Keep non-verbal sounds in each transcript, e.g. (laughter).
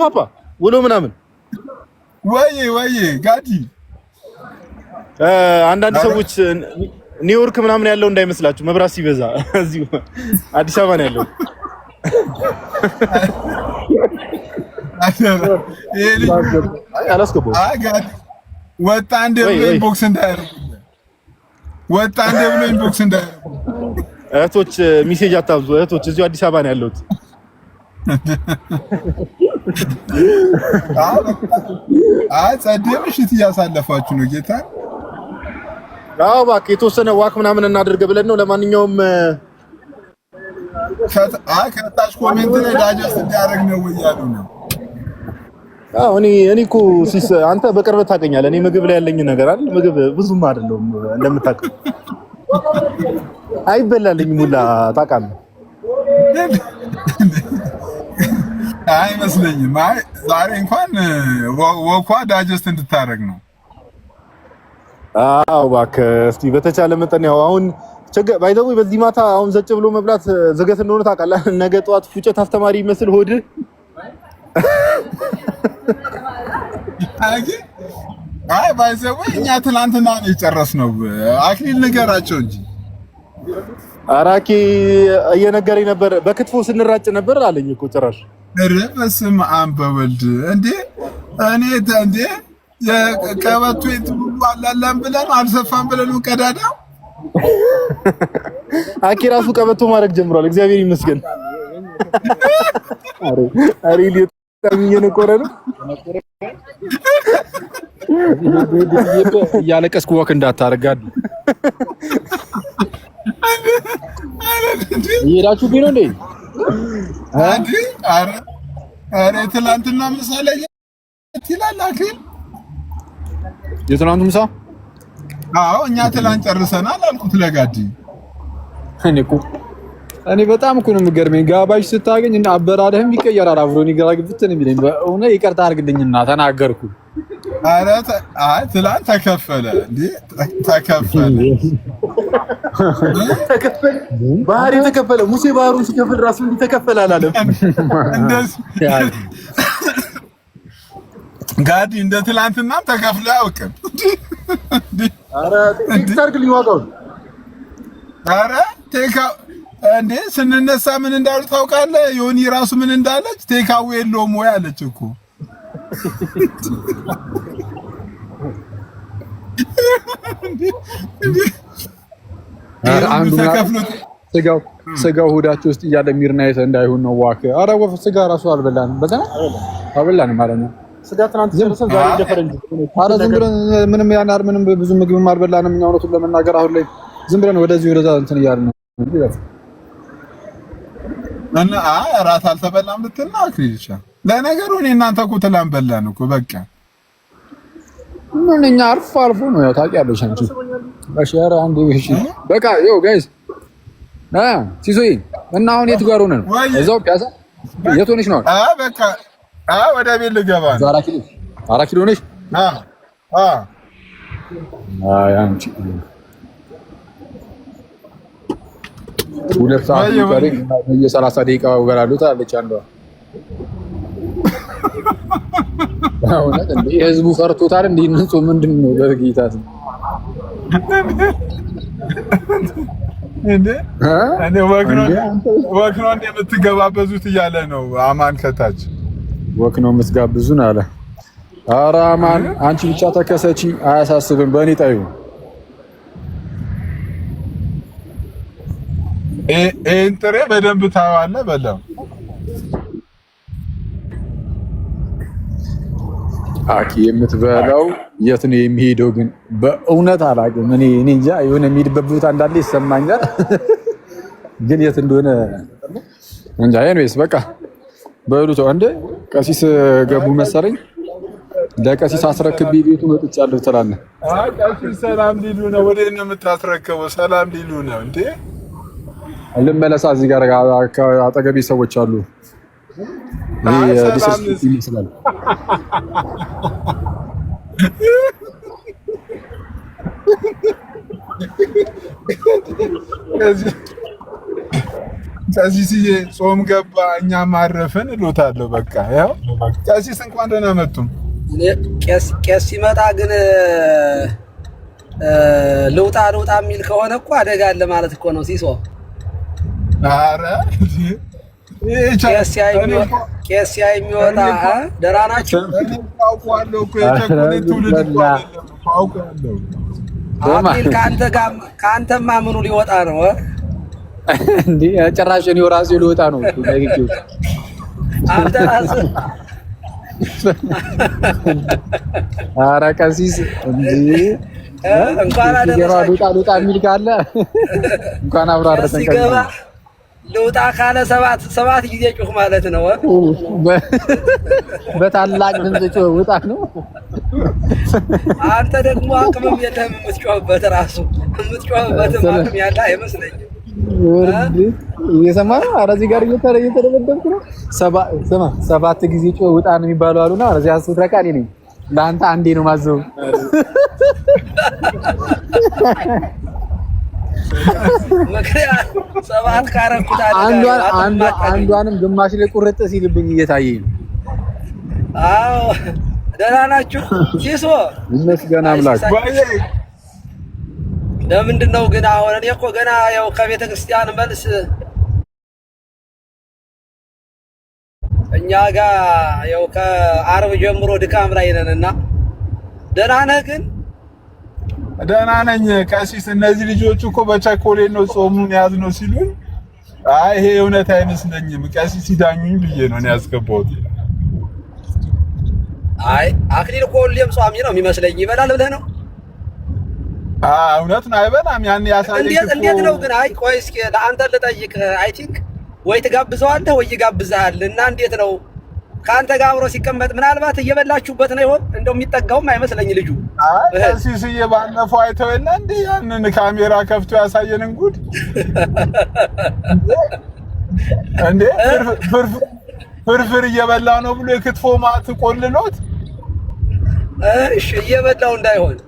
ፓፓ ውሎ ምናምን ወይ ወይ ጋዲ አንዳንድ ሰዎች ኒውዮርክ ምናምን ያለው እንዳይመስላችሁ መብራት ሲበዛ እዚሁ አዲስ አበባ ነው ያለው። ወጣ እንደ ብሎ ኢንቦክስ እንዳያደርጉ ወጣ እንደ ብሎ ኢንቦክስ እንዳያደርጉ። እህቶች ሚሴጅ አታብዙ። እህቶች እዚሁ አዲስ አበባ ነው ያለሁት። ጸደ ምሽት እያሳለፋችሁ ነው ጌታ አዎ እባክህ የተወሰነ ዋክ ምናምን እናድርግ ብለን ነው ለማንኛውም ከታች ኮሜንት ላይ ዳጀስት እንዲያደርግ ነው እያሉ ነው አዎ እኔ እኔ እኮ ሲስ አንተ በቅርብ ታገኛለህ እኔ ምግብ ላይ ያለኝ ነገር አይደል ምግብ ብዙም አይደለም እንደምታውቀው (laughs) አይበላልኝም ሁላ ታውቃለህ አይመስለኝም። አይ ዛሬ እንኳን ወኳ ዳጀስት እንድታደርግ ነው። አዎ እባክህ እስቲ በተቻለ መጠን ያው አሁን ቸገ ባይዘው በዚህ ማታ አሁን ዘጭ ብሎ መብላት ዘገት እንደሆነ ታውቃለህ። ነገ ጠዋት ፉጨት አስተማሪ ይመስል ሆድ አይ ባይዘው እኛ ትናንትና ነው የጨረስነው። አክሊል ንገራቸው እንጂ አራኪ እየነገረኝ ነበር። በክትፎ ስንራጭ ነበር አለኝ እኮ ጭራሽ ኧረ በስመ አብ በወልድ እንዴ እኔ እንዴ የቀበቶ ሁሉ አላላም ብለን አልሰፋም ብለን ቀዳዳ አኬ ራሱ ቀበቶ ማድረግ ጀምሯል። እግዚአብሔር ይመስገን። እየነቆረ ነው። እያለቀስኩ ወክ ቢኖ እንዴ ኧረ ትናንትና ምሳ ላይ ይላል አክሊል የትናንቱ ምሳ አዎ እኛ ትናንት ጨርሰናል አልኩት ለጋዲ እኔ እኮ እኔ በጣም እኮ ነው የምገርመኝ። ጋባዥ ስታገኝ እና አበራረህም ይቀየራል አብሮ እኔ ግራ ግብት ነው የሚለኝ። በእውነት ይቅርታ አድርግልኝና ተናገርኩ። ኧረ ትላንት ተከፈለ እንዴ ተከፈለ ተከፈለ ባህሪ ተከፈለ። ሙሴ ባህሩን ሲከፍል ራሱ እንዲህ ተከፈለ አላለም። ጋዲ እንደ ትላንትናም ተከፍለ አያውቅም። ኧረ ቴክስት አድርግልኝ ዋጋውን ኧረ እንዴ ስንነሳ ምን እንዳሉ ታውቃለህ? ዮኒ ራሱ ምን እንዳለች ቴካዌ የለውም ወይ አለች እኮ ስጋው ሁዳችሁ ውስጥ እያለ ሚርናይት እንዳይሆን ነው። ዋክ አረ ወፍ ስጋ ራሱ አልበላንም፣ በዛ አልበላንም ማለት ነው። ስጋ ትናንት ደረሰ ዛሬ ደፈረንጅ። ዝም ብለን ምንም ያናር ምንም ብዙ ምግብም አልበላንም። እኛ እውነቱን ለመናገር አሁን ላይ ዝም ብለን ወደዚህ ወደዛ እንትን እያልን ነው። እና አይ እራት አልተበላም ልትልና አክሊልሻ ለነገሩ እኔ እናንተ እኮ ትላንት በላን እኮ በቃ ምን እኛ አርፎ አርፎ ነው ያው ታውቂያለሽ አንቺ በሸራ አንዱ ይሽ በቃ ዮ ጋይስ አ ሲሶይ እና አሁን የት ጋር ሆነን እዛው ፒያሳ የት ሆነሽ ነው አ በቃ አ ወደ ቤት ልገባ ነው አራት ኪሎ አራት ኪሎ ነሽ? አ አ አይ አንቺ ሁለት ሰዓት ሚቀረኝ የሰላሳ ደቂቃ እበላለሁ ትላለች አንዷ። የህዝቡ ፈርቶታል። እንዲህ ንጹ ምንድን ነው በጌታት ወክኖን የምትገባበዙት እያለ ነው። አማን ከታች የምትጋብዙን አለ። አማን አንቺ ብቻ ተከሰቺ፣ አያሳስብም በእኔ ጣዩ ይህን ጥሬ በደንብ ታየዋለህ። በለም አኪ የምትበላው የት ነው የሚሄደው? ግን በእውነት አላውቅም። እኔ እኔ እንጃ የሆነ የሚሄድበት ቦታ እንዳለ ይሰማኛል፣ (laughs) ግን የት እንደሆነ እንጃ። ኤኒዌይስ በቃ በሉት። አንዴ ቀሲስ ገቡ መሰለኝ። ለቀሲስ አስረክቤ ቤቱ መጥቻለሁ ትላለህ። ቀሲስ ሰላም ሊሉ ነው። ወዴት ነው የምታስረክበው? ሰላም ሊሉ ነው እንዴ? ልመለሳ። እዚህ ጋር አጠገቤ ሰዎች አሉ። ይመስላል ቀሲስዬ ጾም ገባ እኛ ማረፍን እሎታለሁ። በቃ ያው ቀሲስ እንኳን ደህና መጡም። ቄስ ሲመጣ ግን ልውጣ ልውጣ የሚል ከሆነ እኮ አደጋ አለ ማለት እኮ ነው ሲሶ ቄስ የሚወጣ ደህና ናቸው። አቤል ከአንተማ ምኑ ሊወጣ ነው? እንደ ጭራሽ እኔው እራሴው ሊወጣ ነው። ኧረ ቀሲስ እንዲህ እንኳን አደረሳችሁ ሉጣ ሉጣ የሚል ካለ እንኳን አብሮ አደረሰን። ልውጣ ካለ ሰባት ሰባት ጊዜ ጩህ ማለት ነው። በታላቅ ድምፅ ጩህ ውጣ ነው። አንተ ደግሞ አቅምም የለህም የምትጮህበት ራሱ የምትጮህበትም አቅም ያለ አይመስለኝም። እየሰማ ነው። ኧረ እዚህ ጋር እየተደበደብኩ ነው። ስማ ሰባት ጊዜ ጮህ ውጣ ነው የሚባለው አሉና እዚህ ስትረካ እኔ ነኝ ለአንተ አንዴ ነው ማዘው አንዷንም ግማሽ ላይ ቁርጥ ሲልብኝ እየታየኝ ነው። አዎ ደህና ናችሁ? ሲሶ ይመስገን አምላክ። ለምንድን ነው ግን አሁን እኔ እኮ ገና ያው ከቤተ ክርስቲያን መልስ እኛ ጋር ያው ከአርብ ጀምሮ ድካም ላይ ነን እና ደህና ነህ ግን ደህና ነኝ ቀሲስ፣ እነዚህ ልጆች እኮ በቸኮሌት ነው ጾሙን ያዝ ነው ሲሉኝ፣ አይ ይሄ እውነት አይመስለኝም ቀሲስ ሲዳኙኝ ብዬ ነው እኔ ያስገባሁት። አይ አክሊል እኮ ሁሌም ጿሚ ነው የሚመስለኝ ይበላል ብለህ ነው? አዎ እውነት ነው አይበላም። ያን ያሳየኝ እኮ እንዴት ነው ግን? አይ ቆይ እስኪ ለአንተ ልጠይቅህ። አይ ቲንክ ወይ ትጋብዘዋለህ ወይ ይጋብዝሃል እና እንዴት ነው ከአንተ ጋር አብሮ ሲቀመጥ ምናልባት እየበላችሁበት ነው ይሆን? እንደው የሚጠጋውም አይመስለኝ ልጁ ሲስዬ፣ ባለፈው አይተው የለ እንደ ያንን ካሜራ ከፍቶ ያሳየንን ጉድ እንዴ! ፍርፍር እየበላ ነው ብሎ የክትፎ ማት ቆልሎት፣ እሺ እየበላው እንዳይሆን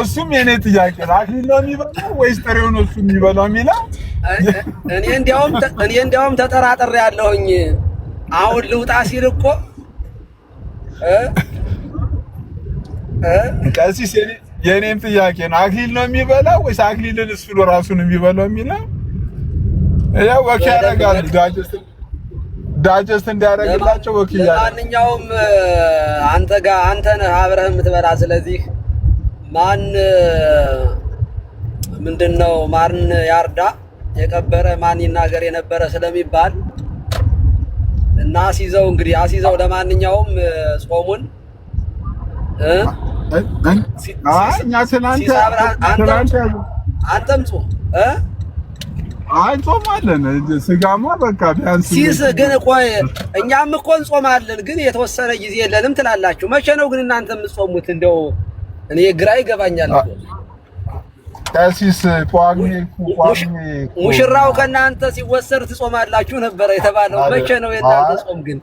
እሱም የኔ ጥያቄ ነው። አክሊል ነው የሚበላው ወይስ ጥሬው ነው እሱ የሚበላው የሚለው እኔ እንዲያውም እኔ እንዲያውም ተጠራጥሬ ያለሁኝ አሁን ልውጣ ሲል እኮ ቀሲስ የእኔም ጥያቄ ነው። አክሊል ነው የሚበላው ወይስ አክሊልን እሱ ነው ራሱን የሚበላው የሚለው ያው ወኪ ያደርጋል ዳጀስት እንዲያደርግላቸው ወኪ ያደርጋል። ማንኛውም አንተ ጋር አንተ ነህ አብረህ የምትበላ ስለዚህ ማን ምንድን ነው ማን ያርዳ የቀበረ ማን ይናገር የነበረ ስለሚባል እና አስይዘው እንግዲህ አስይዘው ለማንኛውም ጾሙን አንተም ጾም አይ ጾም አለን። ስጋማ በቃ ቢያንስ ሲስ ግን ቆይ እኛም እኮ እንጾማለን፣ ግን የተወሰነ ጊዜ የለንም ትላላችሁ። መቼ ነው ግን እናንተ የምትጾሙት? እንደው እኔ ግራ ይገባኛል። ቀሲስ ቋሚ ሙሽራው ከእናንተ ሲወሰድ ትጾማላችሁ ነበረ የተባለው መቼ ነው የእናንተ ጾም ግን?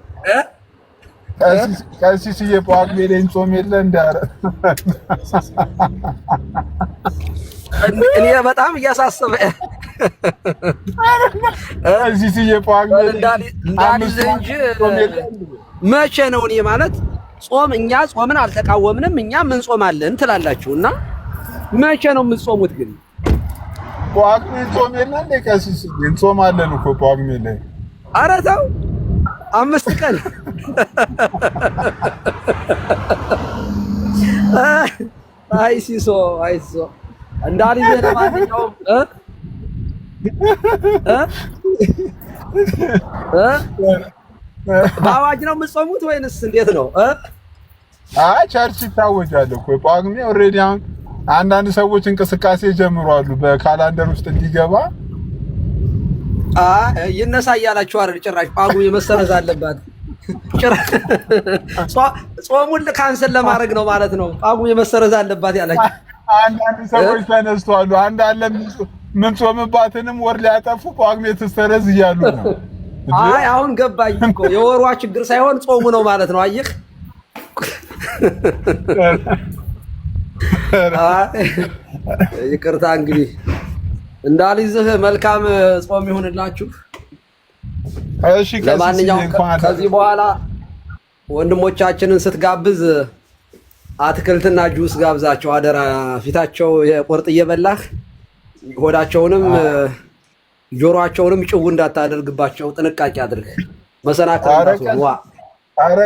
ቀሲስዬ ጳጉሜ ላይም ጾም የለ እንዳረ እኔ በጣም እያሳሰበ ቀሲስዬ ጳጉሜ እንዳልይዝህ እንጂ መቼ ነው እኔ ማለት ጾም እኛ ጾምን አልተቃወምንም እኛ ምን ጾማለን ትላላችሁና መቼ ነው የምትጾሙት ግን? ጳጉሜ ጾም የለ እንደ ቀሲስ እንጾማለን እኮ ጳጉሜ ላይ። ኧረ ተው አምስት ቀን አይ ሲሶ አይ ሲሶ እንዳልዬ ለማንኛውም እ በአዋጅ ነው የምትጾሙት ወይንስ እንዴት ነው? አ ቸርች ይታወጃል እኮ ጳጉሜ ኦልሬዲ አሁን አንዳንድ ሰዎች እንቅስቃሴ ጀምሯሉ በካላንደር ውስጥ እንዲገባ ይነሳ እያላችሁ አይደል? ጭራሽ ጳጉሜ መሰረዝ አለባት። ጾሙን ካንሰል ለማድረግ ነው ማለት ነው። ጳጉሜ መሰረዝ አለባት ያላችሁ አንዳንድ ሰዎች ተነስተዋሉ። አንዳንድ ምንጾምባትንም ወር ሊያጠፉ ጳጉሜ ትሰረዝ እያሉ ነው። አይ አሁን ገባኝ እኮ የወሯ ችግር ሳይሆን ጾሙ ነው ማለት ነው። አየህ ይቅርታ እንግዲህ እንዳልይዝህ መልካም ጾም ይሁንላችሁ። ለማንኛውም ከዚህ በኋላ ወንድሞቻችንን ስትጋብዝ አትክልትና ጁስ ጋብዛቸው አደራ። ፊታቸው የቁርጥ እየበላህ ሆዳቸውንም ጆሮአቸውንም ጭው እንዳታደርግባቸው ጥንቃቄ አድርግ። መሰናከል ዋ አረ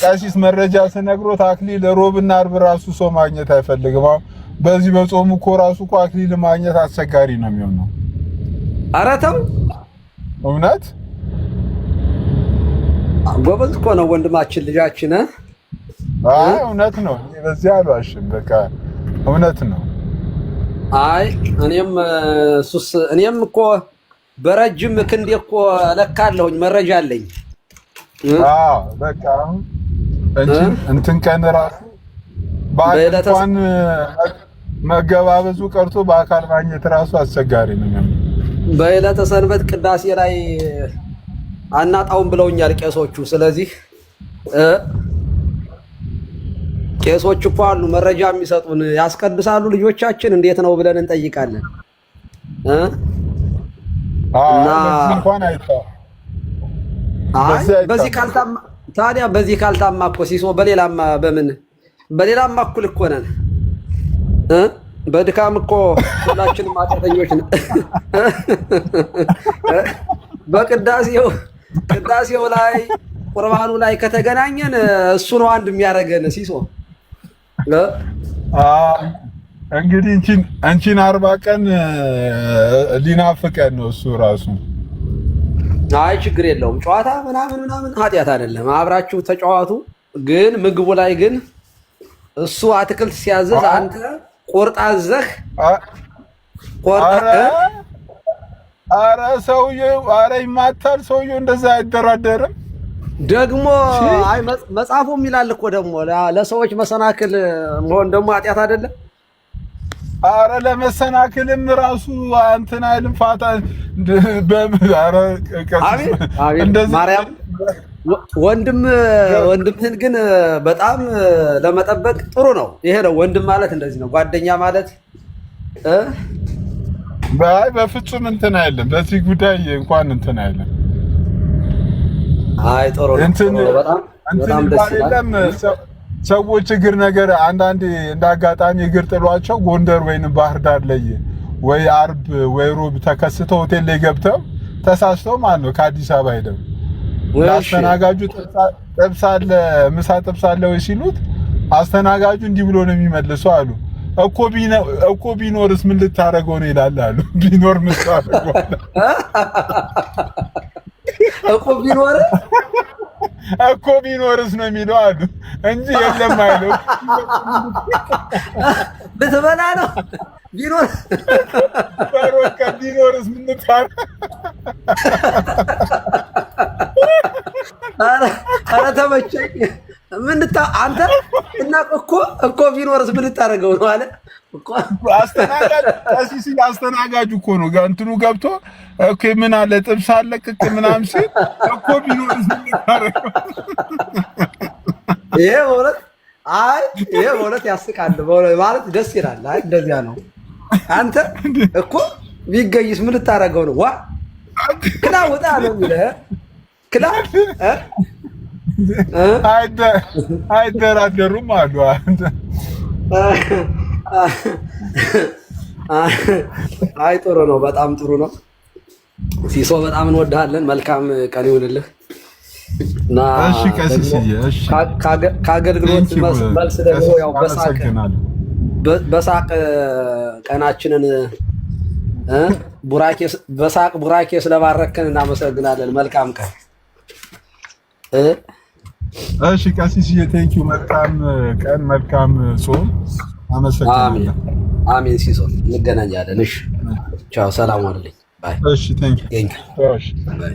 ቀሲስ መረጃ ስነግሮት አክሊል ሮብና አርብ ራሱ ሰው ማግኘት አይፈልግም። አሁን በዚህ በጾሙ እኮ ራሱ እኮ አክሊል ማግኘት አስቸጋሪ ነው የሚሆነው። አረ ተው እውነት ጎበዝ እኮ ነው ወንድማችን ልጃችን። አይ እውነት ነው፣ በዚህ አልዋሽም። በቃ እውነት ነው። አይ እኔም ሱስ እኔም እኮ በረጅም ክንዴ እኮ እለካለሁኝ መረጃ አለኝ። በቃ እንትን ቀን ራሱ በአቋን መገባበዙ ቀርቶ በአካል ማግኘት ራሱ አስቸጋሪ ነው። በዕለተ ሰንበት ቅዳሴ ላይ አናጣውም ብለውኛል ቄሶቹ። ስለዚህ ቄሶች እኮ አሉ መረጃ የሚሰጡን ያስቀድሳሉ ልጆቻችን እንዴት ነው ብለን እንጠይቃለን እና በዚህ ካልታማ ታዲያ በዚህ ካልታማ እኮ ሲሶ በሌላማ በምን በሌላማ እኩል እኮ ነን በድካም እኮ ሁላችንም ኃጢአተኞች ነን። በቅዳሴው ቅዳሴው ላይ ቁርባኑ ላይ ከተገናኘን እሱ ነው አንድ የሚያደርገን። ሲሶ እንግዲህ አንቺን አርባ ቀን ሊናፍቀን ነው እሱ ራሱ አይ ችግር የለውም ጨዋታ ምናምን ምናምን ኃጢአት አይደለም። አብራችሁ ተጫዋቱ። ግን ምግቡ ላይ ግን እሱ አትክልት ሲያዘዝ አንተ ቁርጥ አዘህ አረ ሰውዬው አረ ይማታል ሰውዬው። እንደዛ አይደራደርም። ደግሞ አይ መጽሐፉም ይላል እኮ ደግሞ ለሰዎች መሰናክል መሆን ደግሞ ኃጢአት አይደለም። አረ ለመሰናክልም ራሱ እንትን አይልም ፋታ ማርያም ወንድም ወንድምህን ግን በጣም ለመጠበቅ ጥሩ ነው። ይሄ ነው ወንድም ማለት እንደዚህ ነው። ጓደኛ ማለት በይ በፍጹም እንትን አይልም። በዚህ ጉዳይ እንኳን እንትን አይልም። አይ ጥሩ ነው። በጣም ደስ ይላል። ሰዎች እግር ነገር አንዳንድ እንደ አጋጣሚ እግር ጥሏቸው ጎንደር ወይም ባህር ዳር ላይ ወይ አርብ ወይ ሮብ ተከስተው ሆቴል ላይ ገብተው ተሳስተው ማለት ነው ከአዲስ አበባ ሄደው አስተናጋጁ ጥብስ አለ ምሳ ጥብስ አለ ወይ ሲሉት አስተናጋጁ እንዲህ ብሎ ነው የሚመልሰው አሉ እኮ እኮ ቢኖርስ ምን ልታደርገው ነው ይላል አሉ (laughs) ቢኖር ምን እኮ ቢኖርስ ነው የሚለው አሉ እንጂ የለም አይሉ ብትበላ ነው ቢኖር ቢኖርስ ምንታል ኧረ ተመቸኝ። ምንታ አንተ እና እኮ እኮ ቢኖርስ ምንታደርገው ነው አለ። ቀሲስ አስተናጋጁ እኮ ነው እንትኑ ገብቶ ምን አለ ጥብስ አለ ቅቅ ምናምን ሲል እኮ ቢኖርስ ምንታደርገው ይሄ በእውነት አይ ይሄ በእውነት ያስቃል ማለት ደስ ይላል። አይ እንደዚያ ነው። አንተ እኮ ቢገኝስ ምን ልታደርገው ነው? ዋ ክላ ነው ክላ አይደራደሩም አሉ። አይ ጥሩ ነው፣ በጣም ጥሩ ነው። ሲሶ በጣም እንወድሃለን። መልካም ቀን ይሁንልህ። እና ከአገልግሎት መልስ ደግሞ ያው በሳቅ ቀናችንን በሳቅ ቡራኬ ስለባረክን እናመሰግናለን። መልካም ቀን። እሺ ቀሲስዬ፣ ቴንኪው። መልካም ቀን፣ መልካም ጾም። አመሰግናለሁ። አሜን። ሲሶ እንገናኛለን። እሺ፣ ቻው። ሰላም አለኝ። ባይ። እሺ፣ ቴንኪው። እሺ፣ ባይ